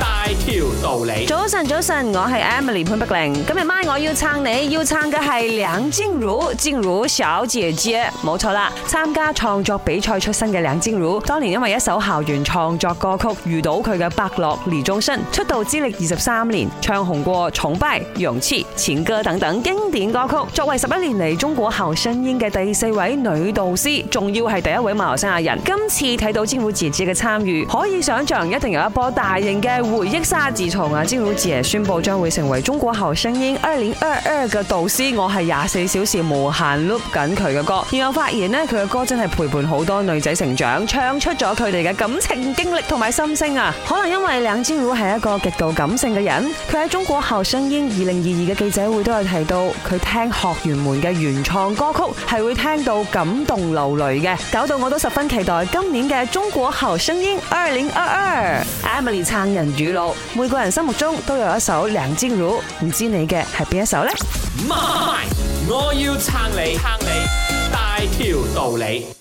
大條道理，早晨早晨，我係 Emily 潘碧玲。今日晚我要撐，你要撐嘅係梁靜茹，靜茹小姐姐沒錯，冇錯啦。參加創作比賽出身嘅梁靜茹，當年因為一首校園創作歌曲遇到佢嘅伯樂李宗盛，出道資歷二十三年，唱紅過《崇拜》、《勇氣》、《前歌》等等經典歌曲。作為十一年嚟中國好聲音嘅第四位女導師，仲要係第一位馬來西亞人。今次睇到《靜茹姐姐》嘅參與，可以想象一定有一波大型嘅。回憶沙，自從啊，梁靜茹宣布將會成為中國好聲音二零二二嘅導師，我係廿四小時無限 loop 緊佢嘅歌，然後發現呢，佢嘅歌真係陪伴好多女仔成長，唱出咗佢哋嘅感情經歷同埋心聲啊！可能因為梁靜茹係一個極度感性嘅人，佢喺中國好聲音二零二二嘅記者會都有提到，佢聽學員們嘅原創歌曲係會聽到感動流淚嘅，搞到我都十分期待今年嘅中國好聲音二零二二 Emily 撐人。雨露，每個人心目中都有一首《梁祝》，唔知你嘅係邊一首呢？我要撐你，撐你大條道理。